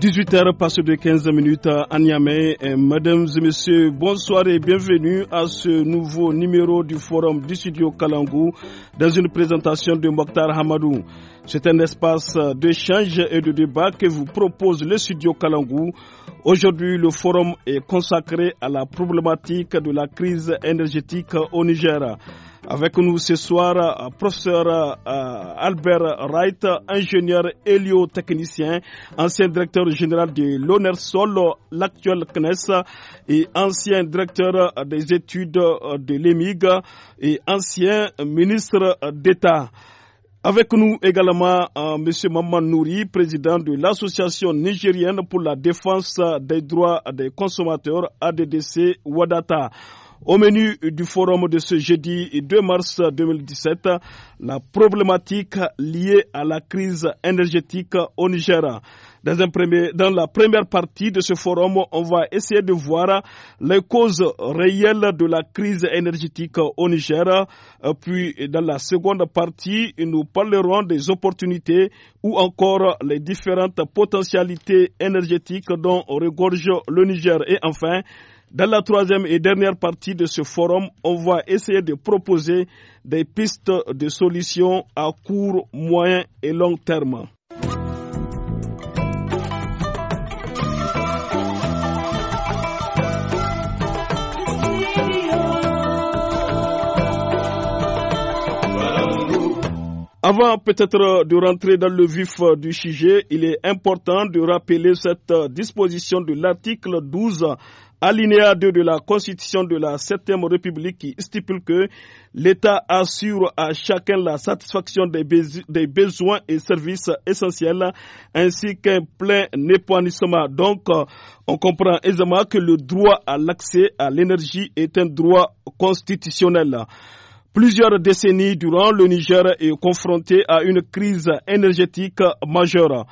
18h passé de 15 minutes à Niamey. Mesdames et messieurs, bonsoir et bienvenue à ce nouveau numéro du forum du studio Kalangou dans une présentation de Mokhtar Hamadou. C'est un espace d'échange et de débat que vous propose le studio Kalangou. Aujourd'hui, le forum est consacré à la problématique de la crise énergétique au Niger. Avec nous ce soir, euh, professeur euh, Albert Wright, ingénieur héliotechnicien, ancien directeur général de l'ONERSOL, l'actuel CNES, et ancien directeur des études de l'EMIG et ancien ministre d'État. Avec nous également euh, M. Maman Nouri, président de l'Association nigérienne pour la défense des droits des consommateurs ADDC Wadata. Au menu du forum de ce jeudi 2 mars 2017, la problématique liée à la crise énergétique au Niger. Dans, dans, la première partie de ce forum, on va essayer de voir les causes réelles de la crise énergétique au Niger. Euh, puis, dans la seconde partie, nous parlerons des opportunités ou encore les différentes potentialités énergétiques dont regorge le Niger. Et enfin, dans la troisième et dernière partie de ce forum, on va essayer de proposer des pistes de solutions à court, moyen et long terme. Avant peut-être de rentrer dans le vif du sujet, il est important de rappeler cette disposition de l'article 12 alinéa 2 de la Constitution de la Septième République qui stipule que l'État assure à chacun la satisfaction des, des besoins et services essentiels ainsi qu'un plein épanouissement. Donc, on comprend aisément que le droit à l'accès à l'énergie est un droit constitutionnel. Plusieurs décennies durant, le Niger est confronté à une crise énergétique majeure.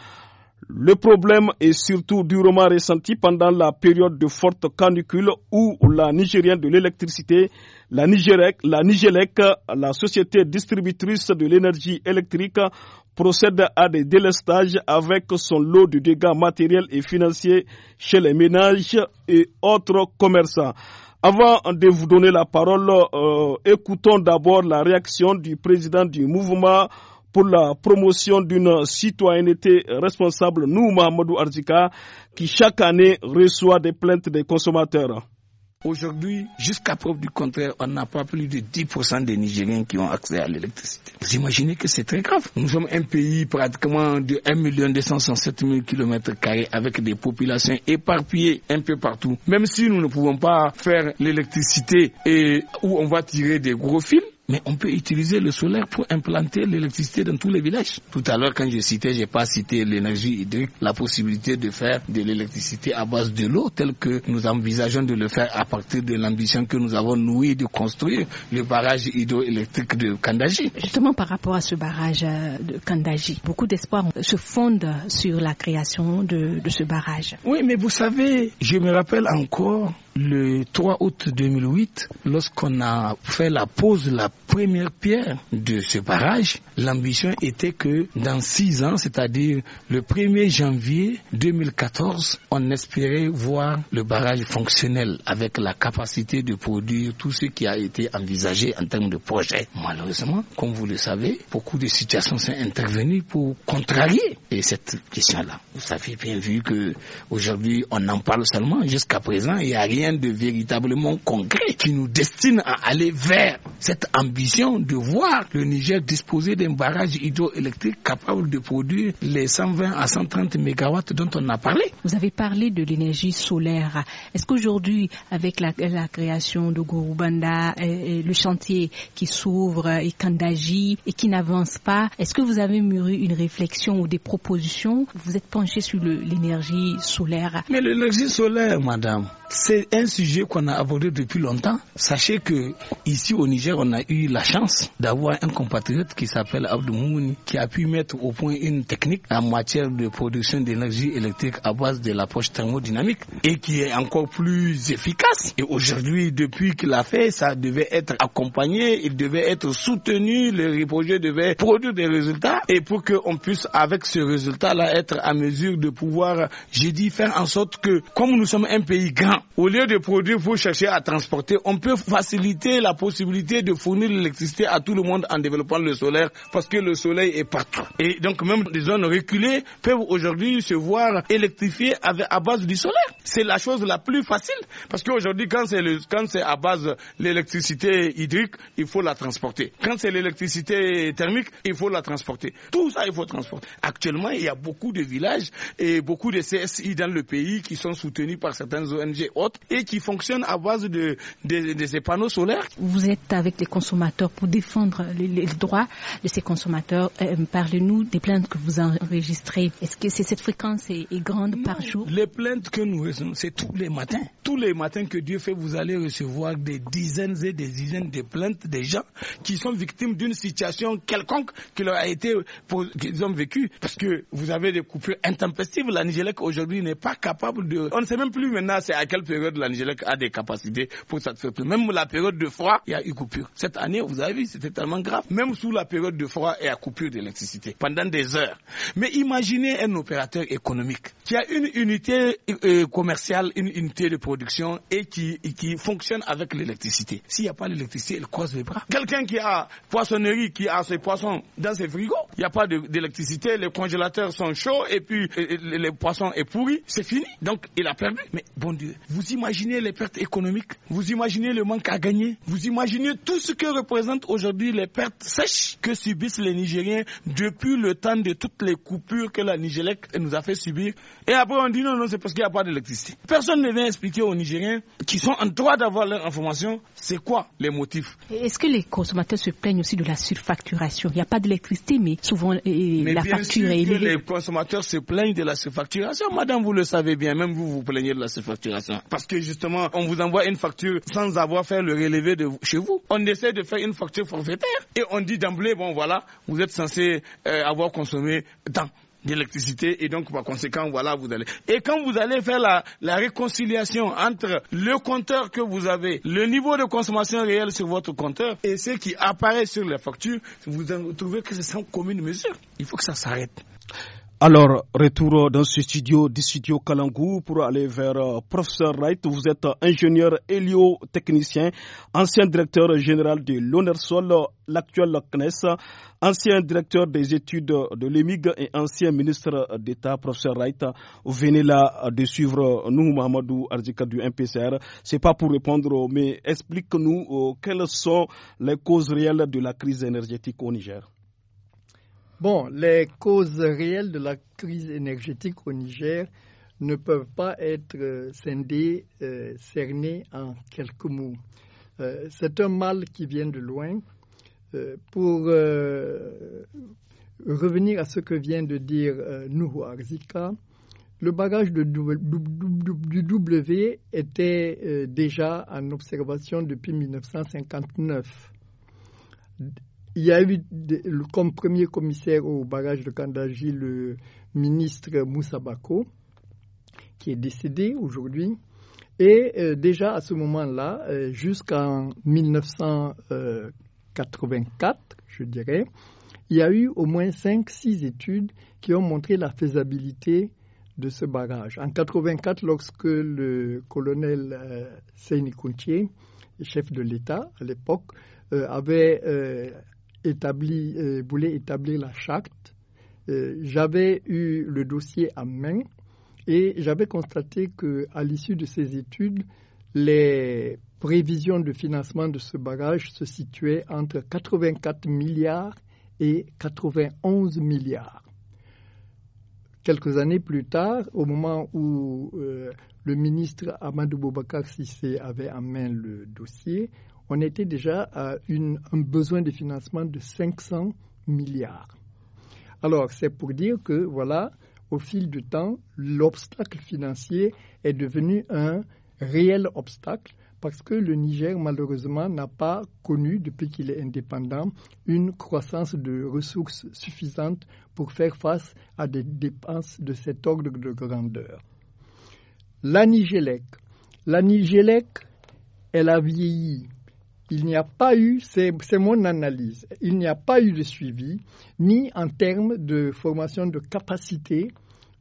Le problème est surtout durement ressenti pendant la période de forte canicule où la Nigérienne de l'électricité, la Nigerec, la Nigélec, la société distributrice de l'énergie électrique, procède à des délestages avec son lot de dégâts matériels et financiers chez les ménages et autres commerçants. Avant de vous donner la parole, euh, écoutons d'abord la réaction du président du mouvement pour la promotion d'une citoyenneté responsable, nous, Mahamadou Arjika, qui chaque année reçoit des plaintes des consommateurs. Aujourd'hui, jusqu'à preuve du contraire, on n'a pas plus de 10% des Nigériens qui ont accès à l'électricité. Vous imaginez que c'est très grave. Nous sommes un pays pratiquement de 1 267 000 km avec des populations éparpillées un peu partout. Même si nous ne pouvons pas faire l'électricité et où on va tirer des gros fils, mais on peut utiliser le solaire pour implanter l'électricité dans tous les villages. Tout à l'heure, quand je citais, j'ai pas cité l'énergie hydrique, la possibilité de faire de l'électricité à base de l'eau, telle que nous envisageons de le faire à partir de l'ambition que nous avons nouée de construire le barrage hydroélectrique de Kandaji. Justement, par rapport à ce barrage euh, de Kandaji, beaucoup d'espoir se fonde sur la création de ce barrage. Oui, mais vous savez, je me rappelle encore le 3 août 2008, lorsqu'on a fait la pose, la première pierre de ce barrage, l'ambition était que dans six ans, c'est-à-dire le 1er janvier 2014, on espérait voir le barrage fonctionnel avec la capacité de produire tout ce qui a été envisagé en termes de projet. Malheureusement, comme vous le savez, beaucoup de situations sont intervenues pour contrarier cette question-là. Vous avez bien vu que aujourd'hui, on en parle seulement. Jusqu'à présent, il n'y a rien de véritablement concret qui nous destine à aller vers cette ambition de voir le Niger disposer d'un barrage hydroélectrique capable de produire les 120 à 130 mégawatts dont on a parlé. Vous avez parlé de l'énergie solaire. Est-ce qu'aujourd'hui, avec la, création de Gorubanda, euh, euh, le chantier qui s'ouvre euh, et et qui n'avance pas, est-ce que vous avez mûri une réflexion ou des propositions Vous êtes penché sur l'énergie solaire. Mais l'énergie solaire, madame, c'est un sujet qu'on a abordé depuis longtemps. Sachez que ici au Niger, on a eu la chance d'avoir un compatriote qui s'appelle Abdou Mouni, qui a pu mettre au point une technique en matière de production d'énergie électrique à base de l'approche thermodynamique et qui est encore plus efficace. Et aujourd'hui, depuis qu'il a fait, ça devait être accompagné, il devait être soutenu, le projet devait produire des résultats et pour qu'on puisse, avec ce résultat-là, être à mesure de pouvoir, j'ai dit, faire en sorte que, comme nous sommes un pays grand, au lieu de produire faut chercher à transporter, on peut faciliter la possibilité de fournir l'électricité à tout le monde en développant le solaire parce que le soleil est partout. Et donc même des zones reculées peuvent aujourd'hui se voir électrifiées à base du solaire. C'est la chose la plus facile parce qu'aujourd'hui quand c'est quand c'est à base l'électricité hydrique, il faut la transporter. Quand c'est l'électricité thermique, il faut la transporter. Tout ça il faut transporter. Actuellement, il y a beaucoup de villages et beaucoup de CSI dans le pays qui sont soutenus par certaines ONG et qui fonctionne à base de, ces panneaux solaires. Vous êtes avec les consommateurs pour défendre les, droits de ces consommateurs. Euh, parlez-nous des plaintes que vous enregistrez. Est-ce que cette fréquence est, grande par jour Les plaintes que nous recevons, c'est tous les matins. Tous les matins que Dieu fait, vous allez recevoir des dizaines et des dizaines de plaintes des gens qui sont victimes d'une situation quelconque qu'ils ont vécu. Parce que vous avez des coupures intempestives. La Nigélec aujourd'hui n'est pas capable de... On ne sait même plus maintenant c'est à quel quelle période l'Angélec a des capacités pour plus. Même la période de froid, il y a eu coupure. Cette année, vous avez vu, c'était tellement grave. Même sous la période de froid, il y a coupure d'électricité pendant des heures. Mais imaginez un opérateur économique qui a une unité euh, euh, commerciale, une unité de production et qui, qui fonctionne avec l'électricité. S'il n'y a pas d'électricité, il croise les bras. Quelqu'un qui a poissonnerie, qui a ses poissons dans ses frigos, il n'y a pas d'électricité, les congélateurs sont chauds et puis le euh, les poissons est pourri, c'est fini. Donc il a perdu. Mais bon Dieu, vous imaginez les pertes économiques, vous imaginez le manque à gagner, vous imaginez tout ce que représentent aujourd'hui les pertes sèches que subissent les Nigériens depuis le temps de toutes les coupures que la Nigélec nous a fait subir. Et après on dit non, non, c'est parce qu'il n'y a pas d'électricité. Personne ne vient expliquer aux Nigériens qui sont en droit d'avoir leur information, c'est quoi les motifs. Est-ce que les consommateurs se plaignent aussi de la surfacturation Il n'y a pas d'électricité, mais souvent la facture est élevée. les consommateurs se plaignent de la surfacturation. Madame, vous le savez bien, même vous vous plaignez de la surfacturation. Hein. Parce que justement, on vous envoie une facture sans avoir fait le relevé de chez vous. On essaie de faire une facture forfaitaire et on dit d'emblée, bon voilà, vous êtes censé euh, avoir consommé tant d'électricité et donc par conséquent voilà vous allez et quand vous allez faire la, réconciliation entre le compteur que vous avez le niveau de consommation réel sur votre compteur et ce qui apparaît sur les factures vous trouvez que ce sont communes mesure. il faut que ça s'arrête alors, retour dans ce studio du studio Kalangou pour aller vers euh, professeur Wright. Vous êtes ingénieur héliotechnicien, ancien directeur général de l'ONERSOL, l'actuel CNES, ancien directeur des études de l'EMIG et ancien ministre d'État. Professeur Wright, venez là de suivre nous, Mahamadou Arzika du MPCR. C'est pas pour répondre, mais explique-nous euh, quelles sont les causes réelles de la crise énergétique au Niger. Bon, les causes réelles de la crise énergétique au Niger ne peuvent pas être euh, scindées, euh, cernées en quelques mots. Euh, c'est un mal qui vient de loin. pour revenir à ce que vient de dire Nouhou Arzika, le barrage du W était déjà en observation depuis 1959 il y a eu comme premier commissaire au barrage de Kandaji le ministre Moussa Bako, qui est décédé aujourd'hui. Et euh, déjà à ce moment-là, euh, jusqu'en 1984, je dirais, il y a eu au moins 5-6 études qui ont montré la faisabilité de ce barrage. En 84, lorsque le colonel euh, Seyni chef de l'État à l'époque, euh, avait établi, euh, voulait établir la charte. Euh, j'avais eu le dossier en main et j'avais constaté que, à l'issue de ces études, les prévisions de financement de ce barrage se situaient entre 84 milliards et 91 milliards. Quelques années plus tard, au moment où euh, le ministre Amadou Boubacar Sissé avait en main le dossier, on était déjà à un besoin de financement de 500 milliards. Alors, c'est pour dire que, voilà, au fil du temps, l'obstacle financier est devenu un réel obstacle parce que le Niger, malheureusement, n'a pas connu, depuis qu'il est indépendant, une croissance de ressources suffisante pour faire face à des dépenses de cet ordre de grandeur. La Nigélec. La Nigélec, elle a vieilli il n'y a pas eu, c'est mon analyse, il n'y a pas eu de suivi, ni en termes de formation de capacité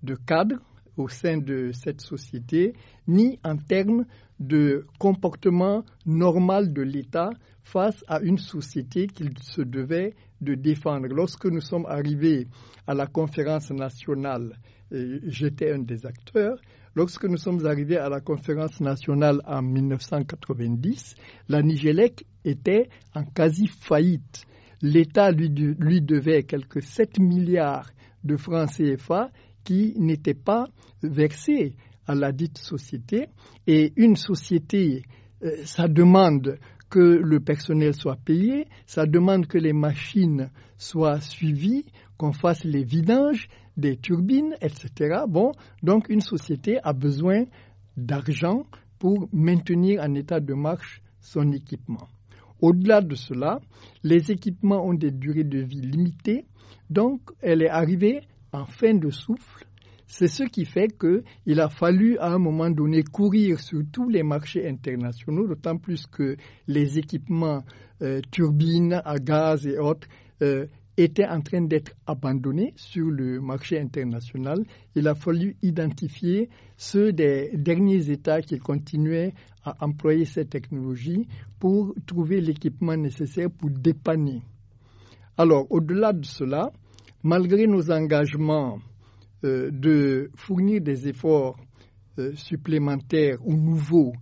de cadre au sein de cette société, ni en termes de comportement normal de l'État face à une société qu'il se devait de défendre. Lorsque nous sommes arrivés à la conférence nationale, j'étais un des acteurs, Lorsque nous sommes arrivés à la conférence nationale en 1990, la Nigelec était en quasi faillite. L'État lui, devait quelques 7 milliards de francs CFA qui n'étaient pas versés à la dite société. Et une société, euh, ça demande que le personnel soit payé, ça demande que les machines soient suivies, qu'on fasse les vidanges des turbines, etc. Bon, donc une société a besoin d'argent pour maintenir en état de marche son équipement. Au-delà de cela, les équipements ont des durées de vie limitées, donc elle est arrivée en fin de souffle. C'est ce qui fait qu'il a fallu à un moment donné courir sur tous les marchés internationaux, d'autant plus que les équipements euh, turbines à gaz et autres euh, était en train d'être abandonné sur le marché international. Il a fallu identifier ceux des derniers États qui continuaient à employer cette technologie pour trouver l'équipement nécessaire pour dépanner. Alors, au-delà de cela, malgré nos engagements euh, de fournir des efforts euh, supplémentaires ou nouveaux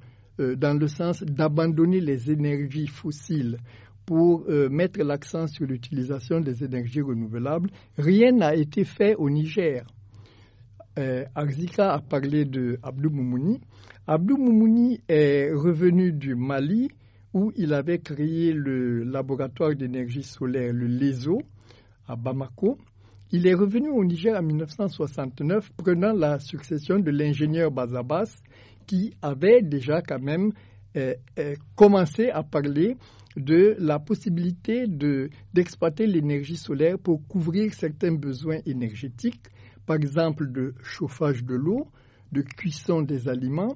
euh, dans le sens d'abandonner les énergies fossiles pour euh, mettre l'accent sur l'utilisation des énergies renouvelables. Rien n'a été fait au Niger. Euh, Arzika a parlé de Abdou Moumouni. Abdou Moumouni est revenu du Mali où il avait créé le laboratoire d'énergie solaire, le LESO, à Bamako. Il est revenu au Niger en 1969, prenant la succession de l'ingénieur Bazabas, qui avait déjà quand même euh, euh, commencer à parler de la possibilité d'exploiter l'énergie solaire pour couvrir certains besoins énergétiques, par exemple de chauffage de l'eau, de cuisson des aliments,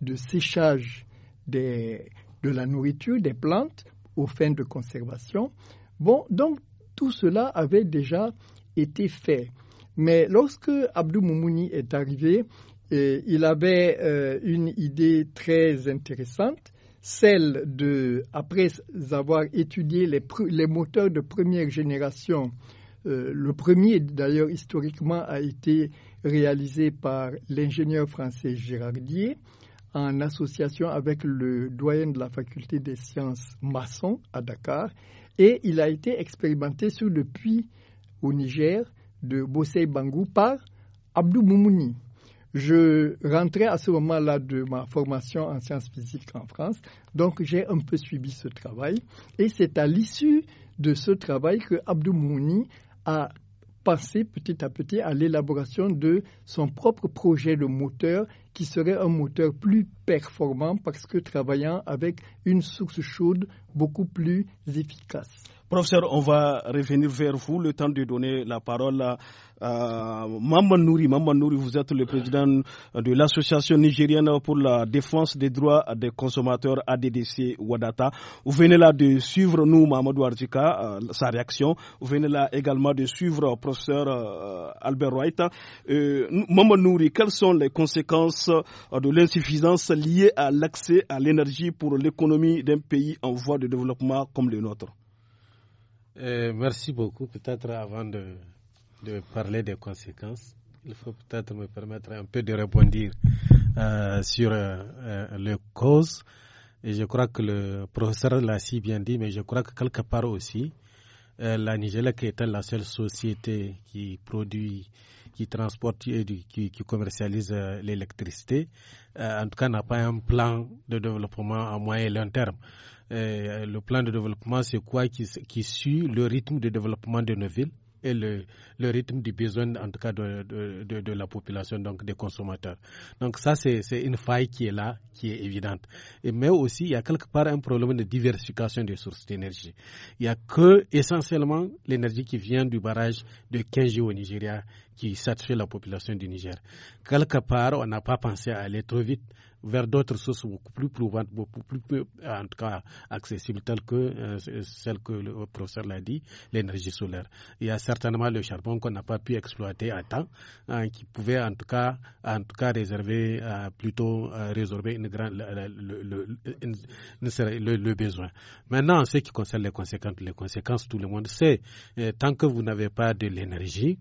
de séchage de la nourriture, des plantes, aux fins de conservation. Bon, donc tout cela avait déjà été fait. Mais lorsque Abdou Moumouni est arrivé, il avait euh, une idée très intéressante, celle de, après avoir étudié les, moteurs de première génération, euh, le premier d'ailleurs historiquement a été réalisé par l'ingénieur français Gérardier en association avec le doyen de la faculté des sciences maçon à Dakar et il a été expérimenté sur le puits au Niger de Bossé Bangou par Abdou Moumouni je rentrais à ce moment-là de ma formation en sciences physiques en France, donc j'ai un peu suivi ce travail. Et c'est à l'issue de ce travail que Abdou Mouni a passé petit à petit à l'élaboration de son propre projet de moteur qui serait un moteur plus performant parce que travaillant avec une source chaude beaucoup plus efficace. Professeur, on va revenir vers vous le temps de donner la parole à, Maman Nouri. Maman Nouri, vous êtes le président de l'Association nigérienne pour la défense des droits des consommateurs ADDC Wadata. Vous venez là de suivre nous, Mamadou Arjika, euh, sa réaction. Vous venez là également de suivre euh, professeur euh, Albert Wright. Euh, Maman Nouri, quelles sont les conséquences de l'insuffisance liée à l'accès à l'énergie pour l'économie d'un pays en voie de développement comme le nôtre euh, merci beaucoup. Peut-être avant de, parler des conséquences, il faut peut-être me permettre un peu de rebondir euh, sur euh, les causes. Et je crois que le professeur l'a si bien dit, mais je crois que quelque part aussi, la Nigeria qui est la seule société qui produit, qui transporte et qui commercialise l'électricité, en tout cas n'a pas un plan de développement à moyen et long terme. Euh, le plan de développement, c'est quoi qui, suit le rythme de développement de nos villes et le, rythme du besoin, en tout cas, de, la population, donc des consommateurs. Donc ça, c'est une faille qui est là, qui est évidente. Et, mais aussi, il y a quelque part un problème de diversification des sources d'énergie. Il n'y a que, essentiellement, l'énergie qui vient du barrage de Kenji au Nigeria qui satisfait la population du Niger. Quelque part, on n'a pas pensé à aller trop vite vers d'autres sources beaucoup plus prouvantes, beaucoup plus, en tout cas accessibles, telles que euh, celle que le professeur l'a dit, l'énergie solaire. Il y a certainement le charbon qu'on n'a pas pu exploiter à temps, hein, qui pouvait en tout cas, en tout cas réserver, euh, plutôt euh, résorber une grande, le, le, besoin. Maintenant, en ce qui concerne les conséquences, les conséquences, tout le monde sait, euh, tant que vous n'avez pas de l'énergie,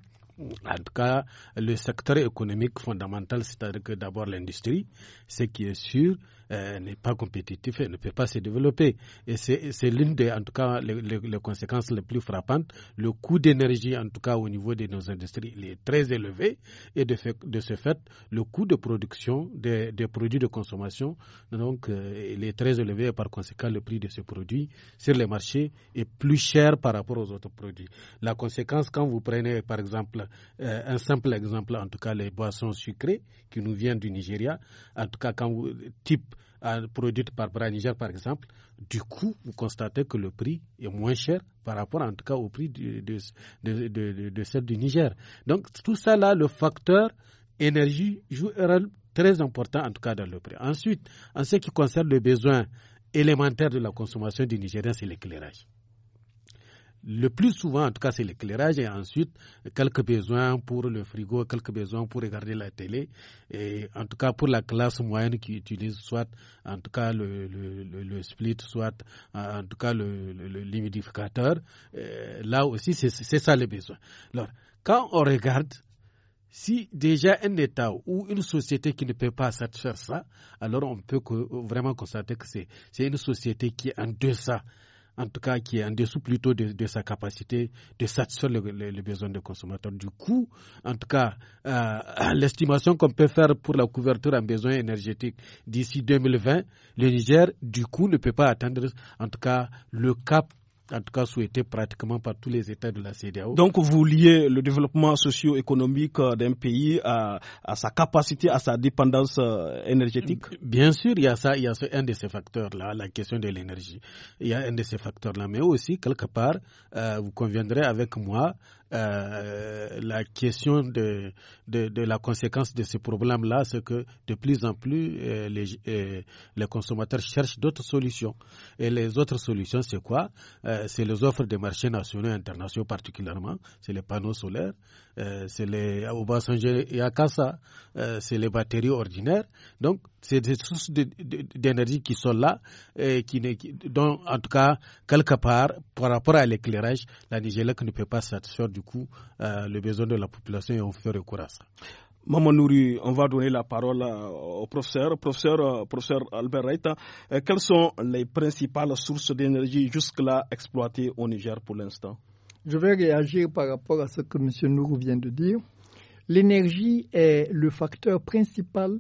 en tout cas, le secteur économique fondamental, c'est-à-dire que d'abord l'industrie, ce qui est sûr, euh, n'est pas compétitif et ne peut pas se développer. Et c'est l'une des, en tout cas, les, les, conséquences les plus frappantes. Le coût d'énergie, en tout cas, au niveau de nos industries, il est très élevé. Et de, fait, de ce fait, le coût de production des, des produits de consommation, donc, euh, il est très élevé. Et par conséquent, le prix de ces produits sur les marchés est plus cher par rapport aux autres produits. La conséquence, quand vous prenez, par exemple, euh, un simple exemple, en tout cas, les boissons sucrées qui nous viennent du Nigeria, en tout cas, quand vous, type produite par Bras-Niger, par exemple, du coup, vous constatez que le prix est moins cher par rapport, en tout cas, au prix de, celle du Niger. Donc, tout ça, là, le facteur énergie joue un rôle très important, en tout cas, dans le prix. Ensuite, en ce qui concerne le besoin élémentaire de la consommation du Nigérien, c'est l'éclairage le plus souvent, en tout cas, c'est l'éclairage et ensuite quelques besoins pour le frigo, quelques besoins pour regarder la télé. Et en tout cas, pour la classe moyenne qui utilise soit, en tout cas, le, le, split, soit, en tout cas, le, l'humidificateur, euh, là aussi, c'est, ça les besoins. Alors, quand on regarde, si déjà un État ou une société qui ne peut pas satisfaire ça, alors on peut vraiment constater que c'est, une société qui est en deçà en tout cas qui est en dessous plutôt de, sa capacité de satisfaire les, besoins des consommateurs. Du coup, en tout cas, euh, l'estimation qu'on peut faire pour la couverture en besoins énergétiques d'ici 2020, le Niger, du coup, ne peut pas atteindre, en tout cas, le cap en tout cas souhaité pratiquement par tous les États de la CDAO. Donc vous liez le développement socio-économique euh, d'un pays à, sa capacité, à sa dépendance euh, énergétique Bien sûr, il y a ça, il y a un de ces facteurs-là, la question de l'énergie. Il y a un de ces facteurs-là, mais aussi, quelque part, euh, vous conviendrez avec moi, euh, la question de, de, la conséquence de ce problème-là, c'est que de plus en plus, euh, les, euh, les, consommateurs cherchent d'autres solutions. Et les autres solutions, c'est quoi C'est les offres des marchés nationaux et internationaux particulièrement, c'est les panneaux solaires, euh, c'est les et euh, c'est les batteries ordinaires. Donc, c'est des sources d'énergie qui sont là, et qui, dont, en tout cas, quelque part, par rapport à l'éclairage, la Nigélec ne peut pas satisfaire du coup les euh, le besoin de la population et on fait recours à ça. Maman Nouri, on va donner la parole au professeur, professeur, professeur Albert Reita. Quelles sont les principales sources d'énergie jusque-là exploitées au Niger pour l'instant je vais réagir par rapport à ce que M. Nourou vient de dire. L'énergie est le facteur principal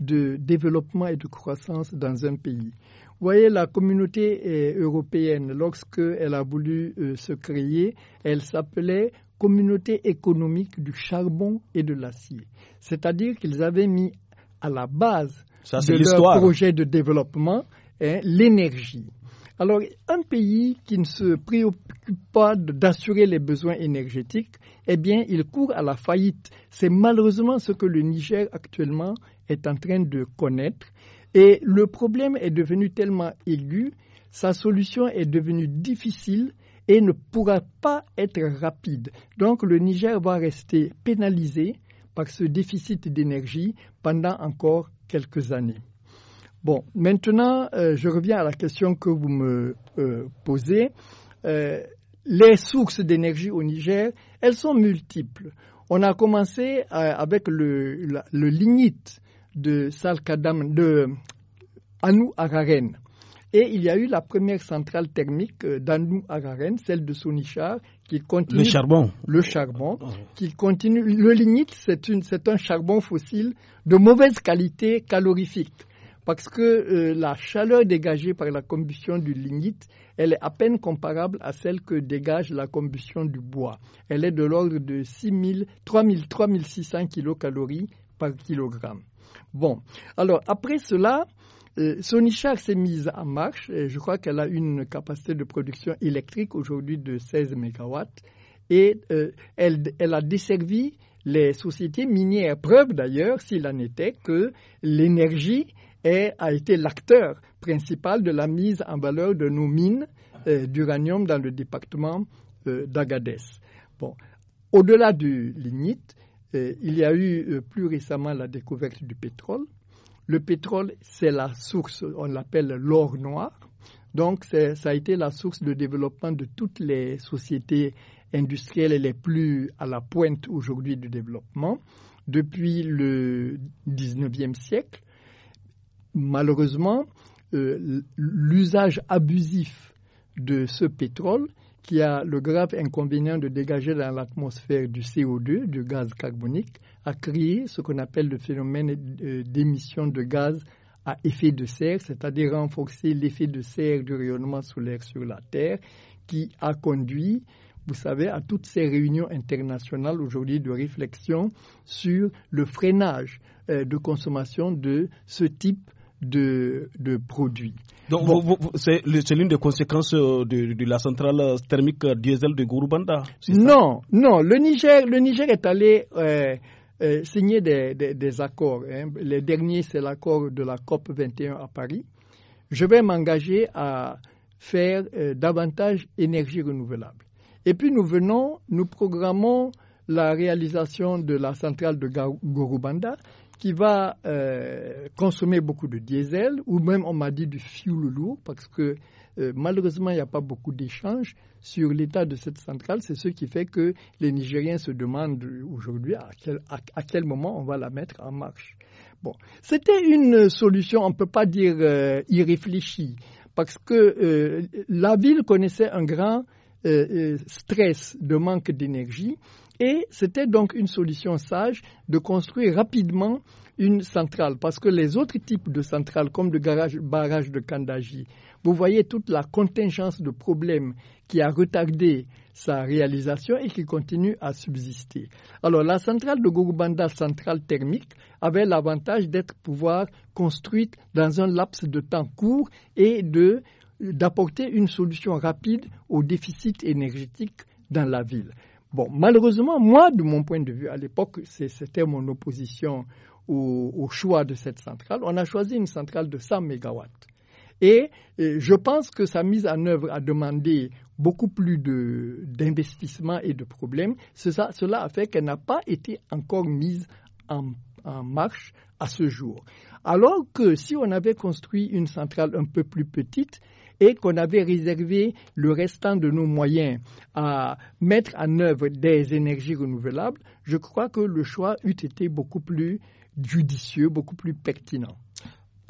de développement et de croissance dans un pays. Vous voyez, la communauté euh, européenne, lorsqu'elle a voulu euh, se créer, elle s'appelait communauté économique du charbon et de l'acier. C'est-à-dire qu'ils avaient mis à la base de leur projet de développement hein, l'énergie. Alors, un pays qui ne se préoccupe pas d'assurer les besoins énergétiques, eh bien, il court à la faillite. C'est malheureusement ce que le Niger actuellement est en train de connaître. Et le problème est devenu tellement aigu, sa solution est devenue difficile et ne pourra pas être rapide. Donc, le Niger va rester pénalisé par ce déficit d'énergie pendant encore quelques années. Bon, maintenant, euh, je reviens à la question que vous me euh, posez. Euh, les sources d'énergie au Niger, elles sont multiples. On a commencé avec le, lignite de de Anou Araren. Et il y a eu la première centrale thermique d'Anou Araren, celle de Sonichar, qui continue. Le charbon. Le charbon, qui continue. Le lignite, c'est un charbon fossile de mauvaise qualité calorifique parce que euh, la chaleur dégagée par la combustion du lignite, elle est à peine comparable à celle que dégage la combustion du bois. Elle est de l'ordre de 6000, 3000, 3600 kilocalories par kilogramme. Bon, alors après cela, euh, Sony s'est mise en marche. Et je crois qu'elle a une capacité de production électrique aujourd'hui de 16 MW. Et euh, elle, elle, a desservi les sociétés minières. Preuve d'ailleurs, s'il en était, que l'énergie et a été l'acteur principal de la mise en valeur de nos mines euh, d'uranium dans le département euh, d'Agadez. Bon. Au-delà du lignite, euh, il y a eu plus récemment la découverte du pétrole. Le pétrole, c'est la source, on l'appelle l'or noir. Donc, ça a été la source de développement de toutes les sociétés industrielles les plus à la pointe aujourd'hui du développement. Depuis le 19e siècle, malheureusement euh, l'usage abusif de ce pétrole qui a le grave inconvénient de dégager dans l'atmosphère du CO2, du gaz carbonique, a créé ce qu'on appelle le phénomène euh, d'émission de gaz à effet de serre, c'est-à-dire renforcer l'effet de serre du rayonnement solaire sur la Terre, qui a conduit, vous savez, à toutes ces réunions internationales aujourd'hui de réflexion sur le freinage euh, de consommation de ce type de, produits. Donc, c'est l'une des conséquences euh, de, la centrale euh, thermique euh, diesel de Gouroubanda Non, non. Le Niger, le Niger est allé signer des, accords. Hein. Le dernier, c'est l'accord de la COP 21 à Paris. Je vais m'engager à faire davantage énergie renouvelable. Et puis nous venons, nous programmons la réalisation de la centrale de Gorubanda qui va euh, consommer beaucoup de diesel ou même on m'a dit du fioul lourd parce que euh, malheureusement il n'y a pas beaucoup d'échanges sur l'état de cette centrale. C'est ce qui fait que les Nigériens se demandent aujourd'hui à quel, moment on va la mettre en marche. Bon, c'était une solution, on ne peut pas dire euh, irréfléchie parce que la ville connaissait un grand stress de manque d'énergie et c'était donc une solution sage de construire rapidement une centrale, parce que les autres types de centrales, comme le garage, barrage de Kandaji, vous voyez toute la contingence de problèmes qui a retardé sa réalisation et qui continue à subsister. Alors la centrale de Gorubanda, centrale thermique, avait l'avantage d'être pouvoir construite dans un laps de temps court et de d'apporter une solution rapide au déficit énergétique dans la ville. Bon, malheureusement, moi, de mon point de vue, à l'époque, c'était mon opposition au, choix de cette centrale. On a choisi une centrale de 100 MW. Et, je pense que sa mise en œuvre a demandé beaucoup plus d'investissements et de problèmes. cela a fait qu'elle n'a pas été encore mise en marche à ce jour. Alors que si on avait construit une centrale un peu plus petite, et qu'on avait réservé le restant de nos moyens à mettre en œuvre des énergies renouvelables, je crois que le choix eût été beaucoup plus judicieux, beaucoup plus pertinent.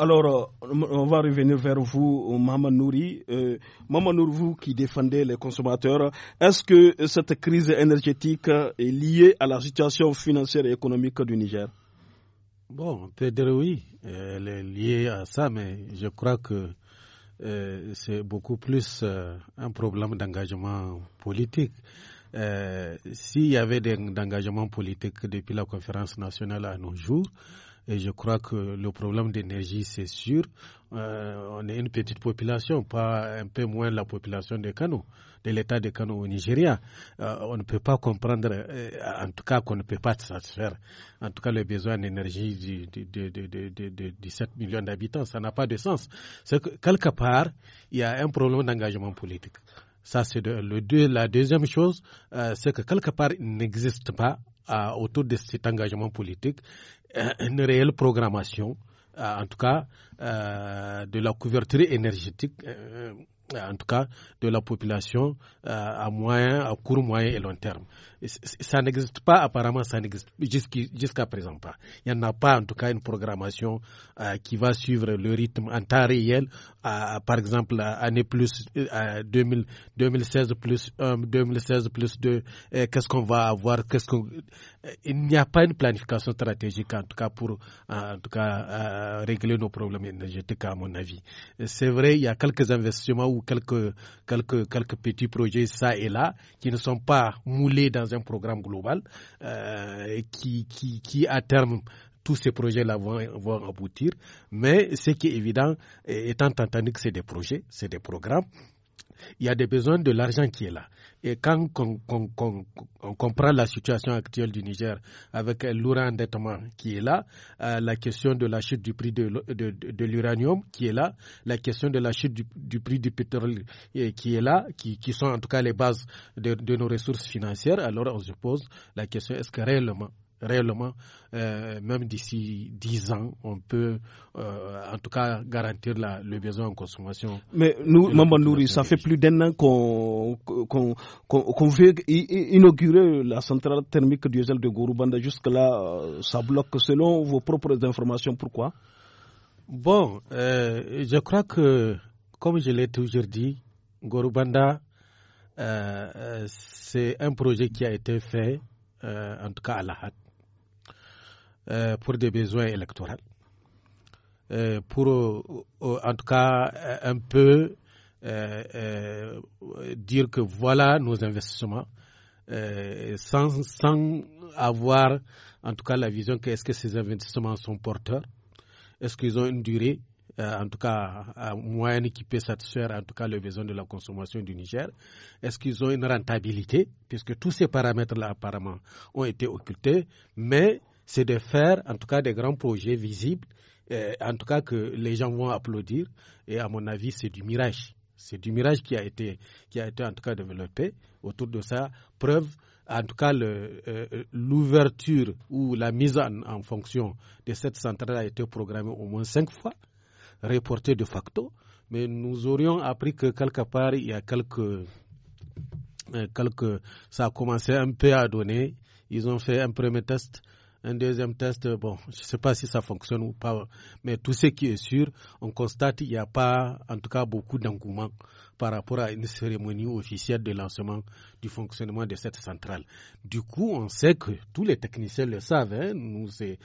Alors, euh, on va revenir vers vous, Maman Nouri. Euh, Maman Nouri, vous qui défendez les consommateurs, est-ce que cette crise énergétique est liée à la situation financière et économique du Niger Bon, peut dire oui, elle est liée à ça, mais je crois que euh, c'est beaucoup plus euh, un problème d'engagement politique. Euh, s'il y avait d'engagement politique depuis la conférence nationale à nos jours, et je crois que le problème d'énergie, c'est sûr. Euh, on est une petite population, pas un peu moins la population de Kano, de l'état de Kano au Nigeria. Euh, on ne peut pas comprendre, euh, en tout cas, qu'on ne peut pas satisfaire, en tout cas, le besoin d'énergie de, de, millions d'habitants. Ça n'a pas de sens. C'est que, quelque part, il y a un problème d'engagement politique. Ça, c'est le La deuxième chose, c'est que quelque part, il n'existe pas autour de cet engagement politique euh, une réelle programmation, euh, en tout cas, euh, de la couverture énergétique euh, en tout cas de la population euh, à moyen, à court, moyen et long terme. Ça n'existe pas, apparemment, ça n'existe jusqu'à présent pas. Il n'y en a pas, en tout cas, une programmation euh, qui va suivre le rythme en temps réel, par exemple, année plus 2016 plus 1, 2016 plus 2, qu'est-ce qu'on va avoir, qu'est-ce qu'on... Il n'y a pas une planification stratégique, en tout cas, pour en tout cas, régler nos problèmes énergétiques, à mon avis. C'est vrai, il y a quelques investissements où quelques, petits projets ça et là qui ne sont pas moulés dans un programme global euh, qui, à terme, tous ces projets-là vont, vont aboutir. Mais ce qui est évident, étant entendu que c'est des projets, c'est des programmes, il y a des besoins de l'argent qui est là. Et quand on, comprend la situation actuelle du Niger avec un qui est là, euh, la question de la chute du prix de, l'uranium qui est là, la question de la chute du, prix du pétrole qui est là, qui, qui, sont en tout cas les bases de, nos ressources financières, alors on se pose la question est-ce que réellement réellement, euh, même d'ici 10 ans, on peut euh, en tout cas garantir la, le besoin en consommation. Mais nous, Maman Nouri, ça fait plus d'un an qu'on veut inaugurer la centrale thermique diesel de Gorubanda. Jusque-là, euh, ça bloque selon vos propres informations. Pourquoi Bon, je crois que, comme je l'ai toujours dit, Gorubanda, c'est un projet qui a été fait, en tout cas à la hâte euh, pour des besoins électoraux. Euh, pour, euh, en tout cas, un peu dire que voilà nos investissements, sans, avoir, en tout cas, la vision que est-ce que ces investissements sont porteurs, est-ce qu'ils ont une durée, en tout cas à moyenne qui peut satisfaire en tout cas les besoins de la consommation du Niger Est-ce qu'ils ont une rentabilité Puisque tous ces paramètres-là apparemment ont été occultés, mais c'est de faire en tout cas des grands projets visibles, euh, en tout cas que les gens vont applaudir. Et à mon avis, c'est du mirage. C'est du mirage qui a été, qui a été en tout cas développé autour de ça. Preuve, en tout cas, euh, l'ouverture ou la mise en, fonction de cette centrale a été programmée au moins cinq fois, reportée de facto. Mais nous aurions appris que quelque part, il y a euh, ça a commencé un peu à donner. Ils ont fait un premier test un deuxième test, bon, je ne sais pas si ça fonctionne ou pas, mais tout ce qui est sûr, on constate qu'il n'y a pas, en tout cas, beaucoup d'engouement par rapport à une cérémonie officielle de lancement du fonctionnement de cette centrale. Du coup, on sait que tous les techniciens le savent, hein. nous c'est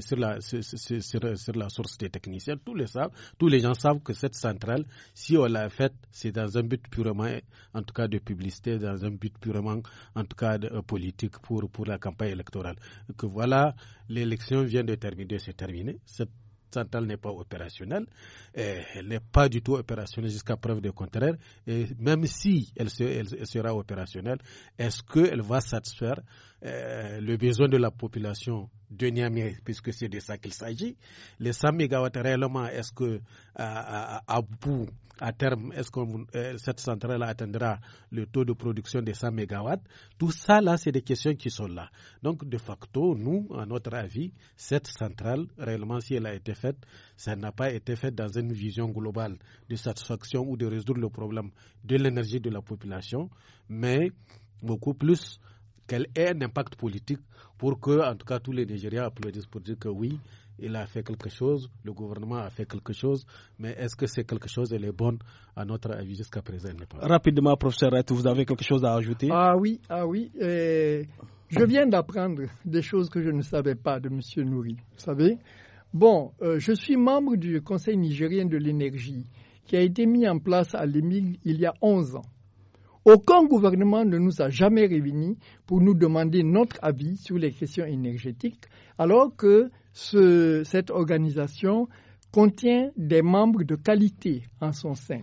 sur la, source des techniciens, tous le savent, tous les gens savent que cette centrale, si on l'a faite, c'est dans un but purement, en tout cas de publicité, dans un but purement, en tout cas de, euh, politique pour, pour la campagne électorale. Que voilà, l'élection vient de terminer, c'est terminé. Cette centrale n'est pas opérationnelle. elle n'est pas du tout opérationnelle jusqu'à preuve du contraire. Et même si elle, sera opérationnelle, est-ce qu'elle va satisfaire euh, le besoin de la population de Niamey, puisque c'est de ça qu'il s'agit. Les 100 MW, réellement, est-ce que à, bout, à terme, est-ce que euh, cette centrale atteindra le taux de production des 100 MW Tout ça, là, c'est des questions qui sont là. Donc, de facto, nous, à notre avis, cette centrale, réellement, si elle a été faite, ça n'a pas été fait dans une vision globale de satisfaction ou de résoudre le problème de l'énergie de la population, mais beaucoup plus qu'elle est un impact politique pour que, en tout cas, tous les Nigériens applaudissent pour dire que oui, il a fait quelque chose, le gouvernement a fait quelque chose, mais est-ce que c'est quelque chose, elle est bonne à notre avis jusqu'à présent Rapidement, professeur vous avez quelque chose à ajouter Ah oui, ah oui. je viens d'apprendre des choses que je ne savais pas de M. Nouri, vous savez. Bon, euh, je suis membre du Conseil nigérien de l'énergie qui a été mis en place à l'EMIG il y a 11 ans. Aucun gouvernement ne nous a jamais réunis pour nous demander notre avis sur les questions énergétiques, alors que cette organisation contient des membres de qualité en son sein.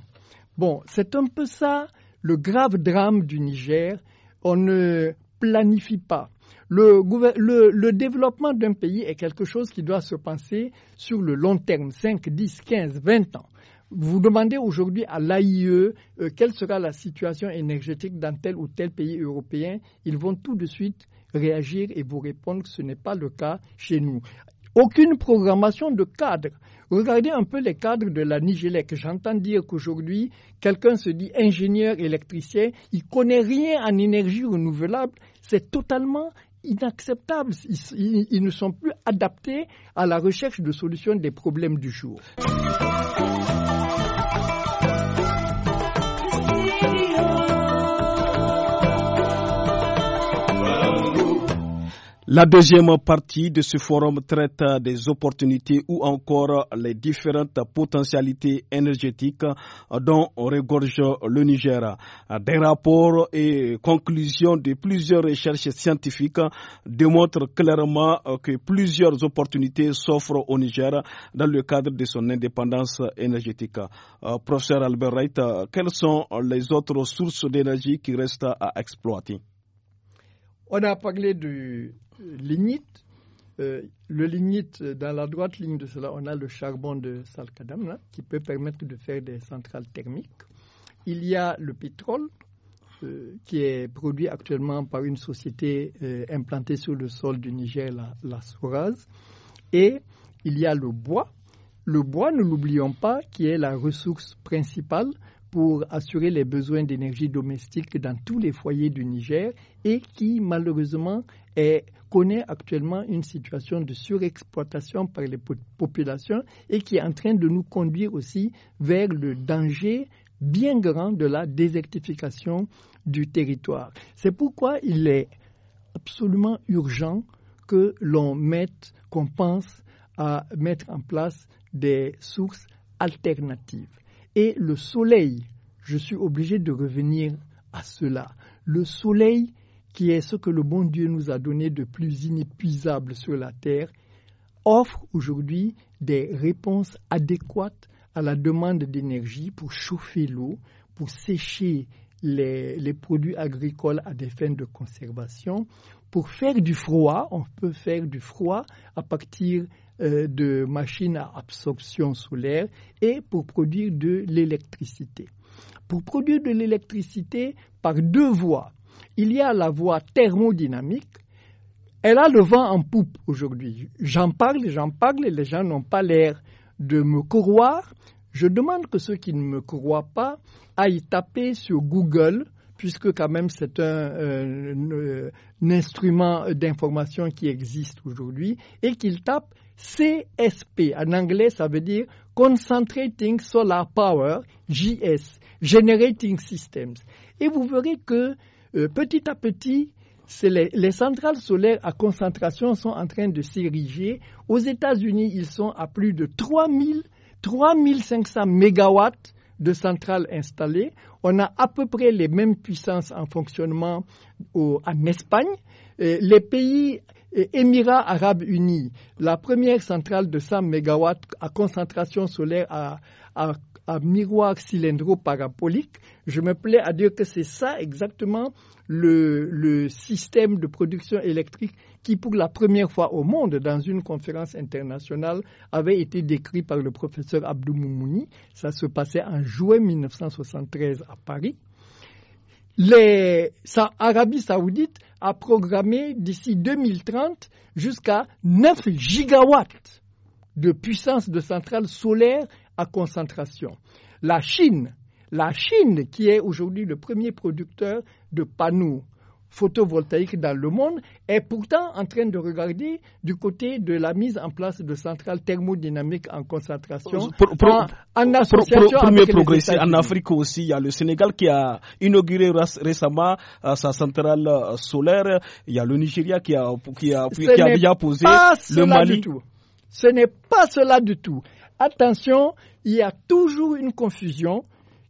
Bon, c'est un peu ça le grave drame du Niger. On ne planifie pas. Le, le développement d'un pays est quelque chose qui doit se penser sur le long terme, 5, 10, 15, 20 ans. Vous demandez aujourd'hui à l'AIE euh, quelle sera la situation énergétique dans tel ou tel pays européen, ils vont tout de suite réagir et vous répondre que ce n'est pas le cas chez nous. Aucune programmation de cadre. Regardez un peu les cadres de la Nigélec. J'entends dire qu'aujourd'hui, quelqu'un se dit ingénieur électricien, il connaît rien en énergie renouvelable. C'est totalement inacceptable. ils, ne sont plus adaptés à la recherche de solutions des problèmes du jour. La deuxième partie de ce forum traite des opportunités ou encore les différentes potentialités énergétiques dont regorge le Niger. Des rapports et conclusions de plusieurs recherches scientifiques démontrent clairement que plusieurs opportunités s'offrent au Niger dans le cadre de son indépendance énergétique. Euh, professeur Albert Reit, quelles sont les autres sources d'énergie qui restent à exploiter? On a parlé du lignite. Euh, le lignite, euh, dans la droite ligne de cela, on a le charbon de Salkadam qui peut permettre de faire des centrales thermiques. Il y a le pétrole euh, qui est produit actuellement par une société implantée sur le sol du Niger, la, la Et il y a le bois. Le bois, ne l'oublions pas, qui est la ressource principale pour assurer les besoins d'énergie domestique dans tous les foyers du Niger et qui malheureusement connaît actuellement une situation de surexploitation par les populations et qui est en train de nous conduire aussi vers le danger bien grand de la désertification du territoire. C'est pourquoi il est absolument urgent que l'on mette, qu'on pense à mettre en place des sources alternatives et le soleil. Je suis obligé de revenir à cela. Le soleil, qui est ce que le bon Dieu nous a donné de plus inépuisable sur la terre, offre aujourd'hui des réponses adéquates à la demande d'énergie pour chauffer l'eau, pour sécher les, produits agricoles à des fins de conservation. Pour faire du froid, on peut faire du froid à partir euh, de machines à absorption solaire et pour produire de l'électricité. Pour produire de l'électricité par deux voies. Il y a la voie thermodynamique. Elle a le vent en poupe aujourd'hui. J'en parle, j'en parle et les gens n'ont pas l'air de me croire. Je demande que ceux qui ne me croient pas aillent taper sur Google puisque quand même c'est un, euh, euh, instrument d'information qui existe aujourd'hui, et qu'ils tapent CSP, en anglais, ça veut dire Concentrating Solar Power, JS, Generating Systems. Et vous verrez que euh, petit à petit, les, centrales solaires à concentration sont en train de s'ériger. Aux États-Unis, ils sont à plus de 3000, 3500 mégawatts de centrales installées. On a à peu près les mêmes puissances en fonctionnement en Espagne. Euh, les pays et Émirats arabes unis, la première centrale de 100 MW à concentration solaire à, miroir cylindro-parabolique, je me plais à dire que c'est ça exactement le, système de production électrique qui, pour la première fois au monde, dans une conférence internationale, avait été décrit par le professeur Abdou Moumouni. Ça se passait en juin 1973 à Paris. Les, ça, Arabie saoudite a programmé d'ici 2030 jusqu'à 9 gigawatts de puissance de centrales solaires à concentration. La Chine, la Chine qui est aujourd'hui le premier producteur de panneaux photovoltaïque dans le monde est pourtant en train de regarder du côté de la mise en place de centrales thermodynamiques en concentration. en, progresser, en Afrique aussi, il y a le Sénégal qui a inauguré récemment euh, sa centrale euh, solaire, il y a le Nigeria qui a, qui a, qui a posé le Mali. Ce n'est pas cela du tout. Attention, il y a toujours une confusion.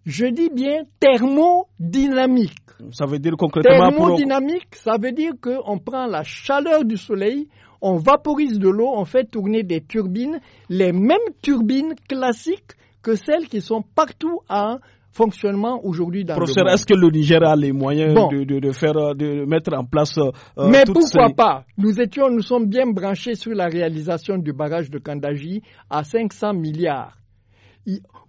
Je dis bien thermodynamique ça veut dire concrètement. Thermodynamique, ça veut dire qu'on prend la chaleur du soleil, on vaporise de l'eau, on fait tourner des turbines, les mêmes turbines classiques que celles qui sont partout à fonctionnement aujourd'hui dans Professeur, est-ce que le Niger a les moyens de, faire, euh, de mettre en place. Euh, Mais pourquoi pas Nous étions, nous sommes bien branchés sur la réalisation du barrage de Kandaji à 500 milliards.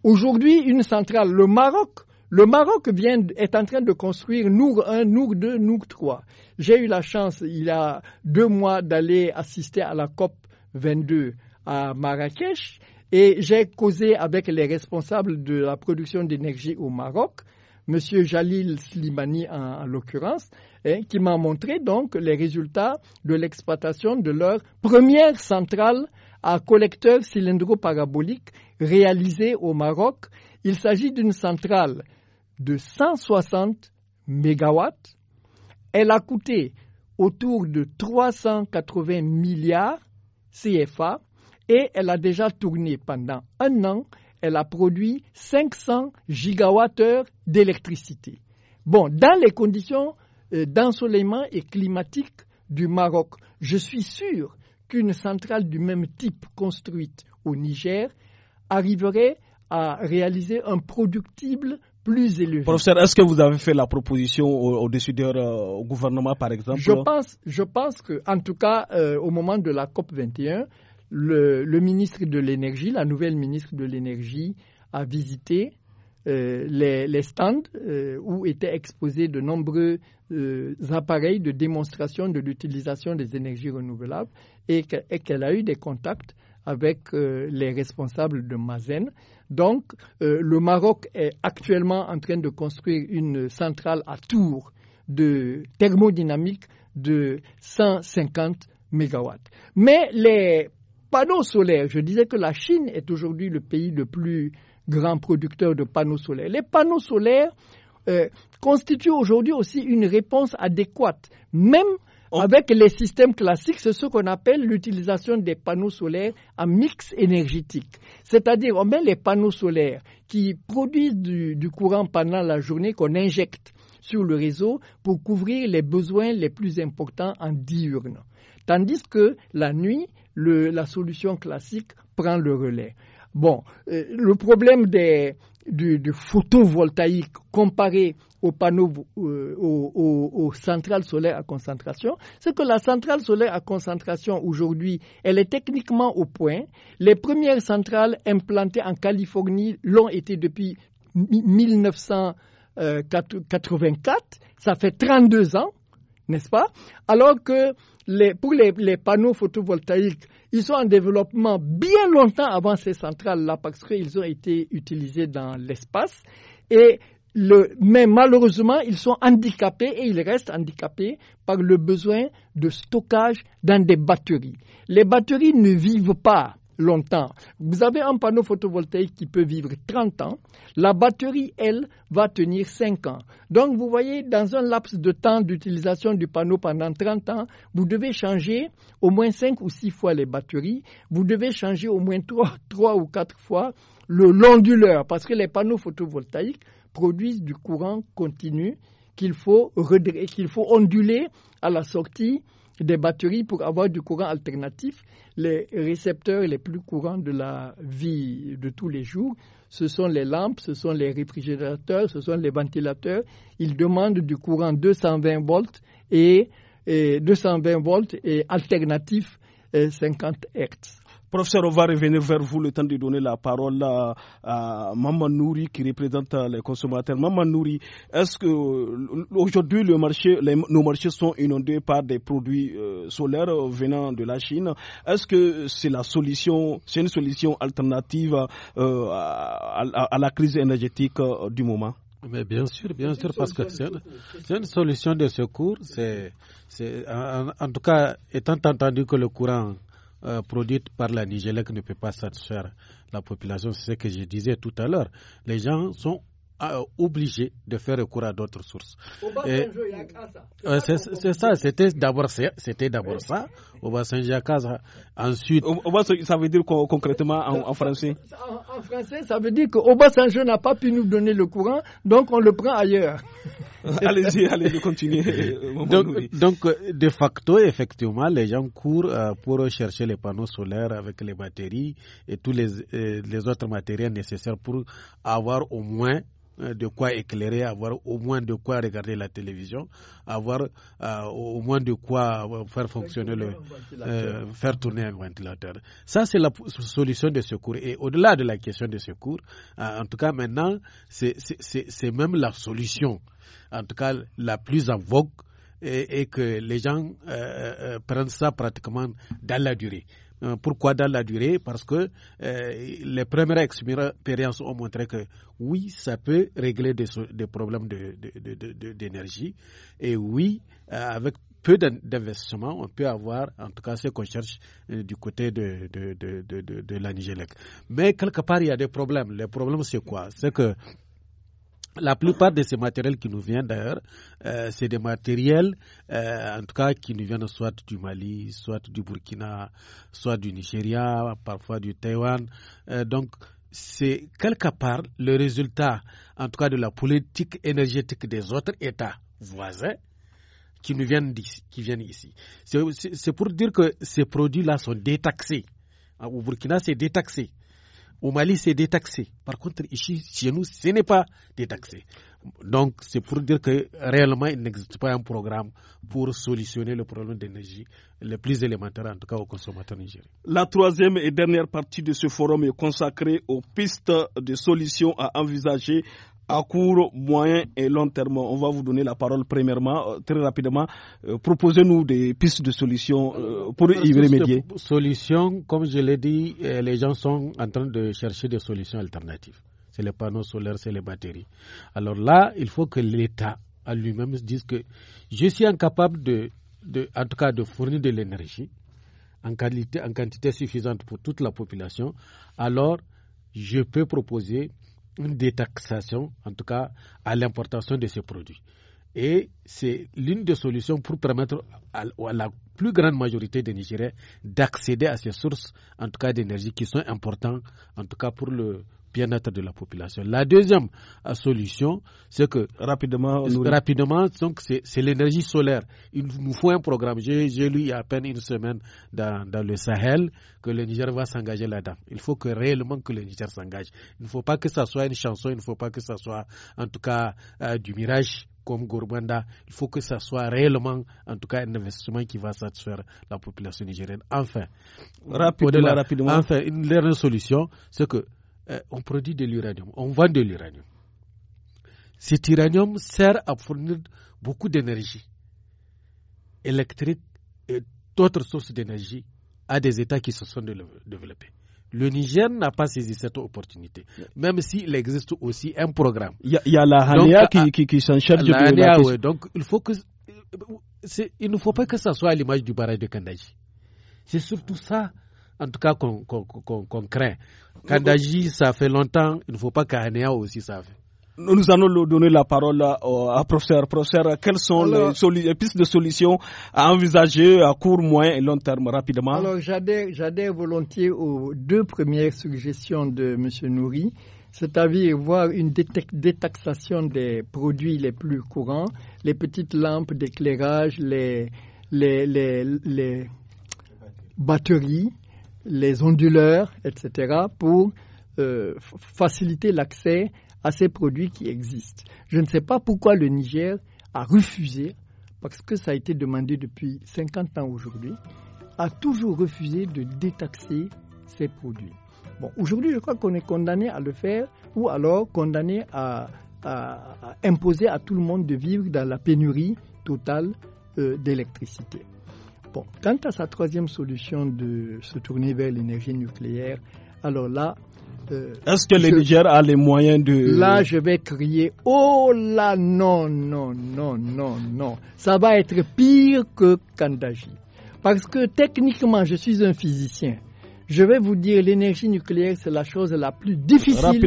Aujourd'hui, une centrale, le Maroc le Maroc vient, est en train de construire Nour 1, Nour 2, Nour 3. J'ai eu la chance, il y a deux mois, d'aller assister à la COP 22 à Marrakech et j'ai causé avec les responsables de la production d'énergie au Maroc, Monsieur Jalil Slimani en, l'occurrence, hein, qui m'a montré donc les résultats de l'exploitation de leur première centrale à collecteur cylindro-parabolique réalisée au Maroc. Il s'agit d'une centrale de 160 mégawatts. Elle a coûté autour de 380 milliards CFA et elle a déjà tourné pendant un an. Elle a produit 500 gigawattheures d'électricité. Bon, dans les conditions euh, d'ensoleillement et climatique du Maroc, je suis sûr qu'une centrale du même type construite au Niger arriverait à réaliser un productible Professeur, est-ce que vous avez fait la proposition au décideur euh, au gouvernement par exemple Je pense, je en tout cas, euh, au moment de la COP 21, le, ministre de l'énergie, la nouvelle ministre de l'énergie, a visité euh, les, stands où étaient exposés de nombreux appareils de démonstration de l'utilisation des énergies renouvelables et qu'elle a eu des contacts avec les responsables de Mazen donc, euh, le Maroc est actuellement en train de construire une centrale à tour de thermodynamique de 150 mégawatts. Mais les panneaux solaires, je disais que la Chine est aujourd'hui le pays le plus grand producteur de panneaux solaires. Les panneaux solaires euh, constituent aujourd'hui aussi une réponse adéquate, même avec les systèmes classiques, c'est ce qu'on appelle l'utilisation des panneaux solaires en mix énergétique. C'est-à-dire, on met les panneaux solaires qui produisent du, courant pendant la journée qu'on injecte sur le réseau pour couvrir les besoins les plus importants en diurne. Tandis que la nuit, la solution classique prend le relais. Bon, euh, le problème des, du, photovoltaïque comparé aux panneaux, euh, aux, centrales solaires à concentration, c'est que la centrale solaire à concentration aujourd'hui, elle est techniquement au point. Les premières centrales implantées en Californie l'ont été depuis 1984. Ça fait 32 ans, n'est-ce pas Alors que pour les, les panneaux photovoltaïques, ils sont en développement bien longtemps avant ces centrales-là parce qu'ils ont été utilisés dans l'espace. Et mais malheureusement, ils sont handicapés et ils restent handicapés par le besoin de stockage dans des batteries. Les batteries ne vivent pas longtemps. Vous avez un panneau photovoltaïque qui peut vivre 30 ans. La batterie, elle, va tenir 5 ans. Donc, vous voyez, dans un laps de temps d'utilisation du panneau pendant 30 ans, vous devez changer au moins 5 ou 6 fois les batteries. Vous devez changer au moins 3, 3 ou 4 fois le l'onduleur, parce que les panneaux photovoltaïques produisent du courant continu qu'il faut, qu'il faut onduler à la sortie des batteries pour avoir du courant alternatif. Les récepteurs les plus courants de la vie de tous les jours, ce sont les lampes, ce sont les réfrigérateurs, ce sont les ventilateurs. Ils demandent du courant 220 volts et, 220 volts et alternatif 50 euh, Hertz. Professeur, on va revenir vers vous le temps de donner la parole à, Maman Nouri qui représente euh, les consommateurs. Maman Nouri, est-ce que euh, aujourd'hui nos marchés sont inondés par des produits euh, solaires venant de la Chine Est-ce que c'est la solution, c'est une solution alternative à, la crise énergétique du moment bien sûr, bien sûr, parce que c'est une, solution de secours. C'est, en tout cas, étant entendu que le courant euh, produite par la Nigélec ne peut pas satisfaire la population. C'est ce que je disais tout à l'heure. Les gens sont obligé de faire recours à d'autres sources. C'est euh, ça, c'était d'abord c'était d'abord ça. Ensuite, ça veut dire concrètement en, français. En, français, ça veut dire Bas-Saint-Jean n'a pas pu nous donner le courant, donc on le prend ailleurs. allez-y, allez-y, continuez. donc, de facto, effectivement, les gens courent euh, pour chercher les panneaux solaires avec les batteries et tous les, euh, les autres matériels nécessaires pour avoir au moins euh, de quoi éclairer, avoir au moins de quoi regarder la télévision, avoir euh, au moins de quoi euh, faire fonctionner le, faire tourner un ventilateur. Ça, c'est la solution de secours. Et au-delà de la question de secours, en tout cas maintenant, c'est même la solution, en tout cas la plus en vogue, et que les gens prennent ça pratiquement dans la durée. Euh, pourquoi dans la durée Parce que euh, les premières expériences ont montré que oui, ça peut régler des, problèmes d'énergie. De, et oui, euh, avec peu d'investissement, on peut avoir en tout cas ce qu'on cherche du côté de, de, de, de, de la Nigélec. Mais quelque part, il y a des problèmes. Les problèmes, c'est quoi C'est que la plupart de ces matériels qui nous viennent d'ailleurs, euh, c'est des matériels, euh, en tout cas, qui nous viennent soit du Mali, soit du Burkina, soit du Nigeria, parfois du Taïwan. Euh, donc, c'est quelque part le résultat, en tout cas, de la politique énergétique des autres États voisins qui nous viennent qui viennent ici. C'est pour dire que ces produits-là sont détaxés. Au Burkina, c'est détaxé. Au Mali, c'est détaxé. Par contre, ici, chez nous, ce n'est pas détaxé. Donc, c'est pour dire que réellement, il n'existe pas un programme pour solutionner le problème d'énergie le plus élémentaire, en tout cas aux consommateurs nigériens. La troisième et dernière partie de ce forum est consacrée aux pistes de solutions à envisager à court, moyen et long terme. On va vous donner la parole premièrement, euh, très rapidement. Euh, proposez-nous des pistes de solutions euh, pour y remédier. Solutions, comme je l'ai dit, les gens sont en train de chercher des solutions alternatives. C'est les panneaux solaires, c'est les batteries. Alors là, il faut que l'État à lui-même dise que je suis incapable de, en tout cas, de fournir de l'énergie en quantité suffisante pour toute la population. Alors, je peux proposer une détaxation, en tout cas, à l'importation de ces produits. Et c'est l'une des solutions pour permettre à, la plus grande majorité des Nigériens d'accéder à ces sources, en tout cas d'énergie, qui sont importantes, en tout cas pour le, bien-être de la population. La deuxième euh, solution, c'est que rapidement, rapidement donc c'est l'énergie solaire. Il nous faut un programme. J'ai lu il y a à peine une semaine dans, le Sahel que le Niger va s'engager là-dedans. Il faut que réellement que le Niger s'engage. Il ne faut pas que ça soit une chanson, il ne faut pas que ça soit en tout cas euh, du mirage comme Gourbanda, il faut que ça soit réellement, en tout cas, un investissement qui va satisfaire la population nigérienne. Enfin, rapidement, rapidement. enfin une dernière solution, c'est que euh, on produit de l'uranium, on vend de l'uranium. Cet uranium sert à fournir beaucoup d'énergie électrique et d'autres sources d'énergie à des États qui se sont développés. Le Niger n'a pas saisi cette opportunité, même s'il existe aussi un programme. Il y, a la HANEA qui, qui, qui s'en charge de la Donc, il faut que, il ne faut pas que ça soit à l'image du barrage de Kandaji. C'est surtout ça en tout cas qu'on craint. ça fait longtemps, il ne faut pas qu'Anéa aussi ça Nous allons donner la parole euh, à, professeur. Professeur, quelles sont les, pistes de solutions à envisager à court, moyen et long terme rapidement Alors, j'adhère volontiers aux deux premières suggestions de M. Nouri, c'est-à-dire voir une détaxation des produits les plus courants, les petites lampes d'éclairage, les, les, les batteries les onduleurs, etc., pour euh, faciliter l'accès à ces produits qui existent. Je ne sais pas pourquoi le Niger a refusé, parce que ça a été demandé depuis 50 ans aujourd'hui, a toujours refusé de détaxer ces produits. Bon, aujourd'hui, je crois qu'on est condamné à le faire ou alors condamné à, imposer à tout le monde de vivre dans la pénurie totale euh, d'électricité quant à sa troisième solution de se tourner vers l'énergie nucléaire, alors là, euh, Est-ce que le Niger a les moyens de... Là, je vais crier, oh là, non, non, non, non, non. Ça va être pire que Kandaji. Parce que techniquement, je suis un physicien. Je vais vous dire, l'énergie nucléaire, c'est la chose la plus difficile.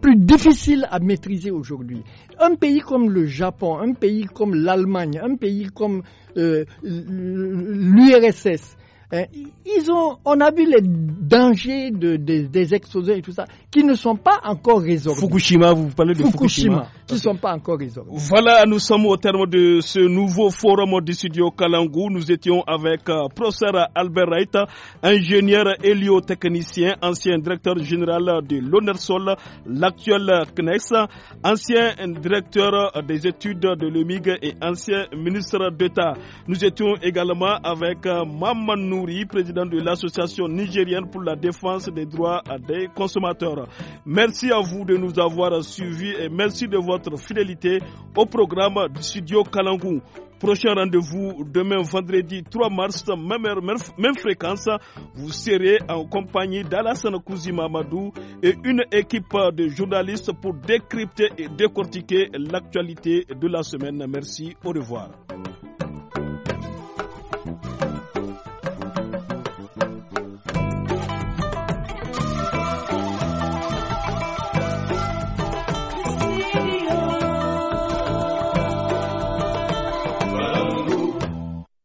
plus difficile à maîtriser aujourd'hui. Un pays comme le Japon, un pays comme l'Allemagne, un pays comme euh, l'URSS, hein, ils ont, on a vu les dangers de, des, explosions et tout ça qui ne sont pas encore résolus. Fukushima, vous parlez de Fukushima. qui ne sont pas encore résolus. Voilà, nous sommes au terme de ce nouveau forum du studio Kalangou. Nous étions avec euh, professeur Albert Reit, ingénieur héliotechnicien, ancien directeur général de l'ONERSOL, l'actuel CNES, ancien directeur euh, des études de l'EMIG et ancien ministre d'État. Nous étions également avec euh, Maman Nouri, président de l'association nigérienne pour la défense des droits des consommateurs. Merci à vous de nous avoir suivis et merci de votre fidélité au programme du studio Kalangou. Prochain rendez-vous demain vendredi 3 mars, même même fréquence. Vous serez en compagnie d'Alassane Kouzi Mamadou et une équipe de journalistes pour décrypter et décortiquer l'actualité de la semaine. Merci, au revoir.